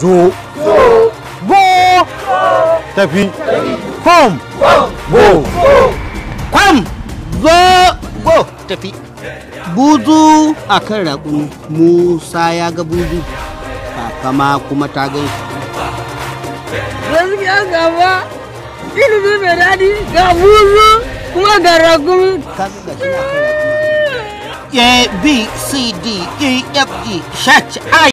zo go tafi kom go kwam zo go tafi buzu a kan raƙumi musa ya ga buzu kama kuma ta gan shi gaskiya gaba ilimi mai daɗi ga buzu kuma ga raƙumi A, B, C, D, E, F, G, e, H, I.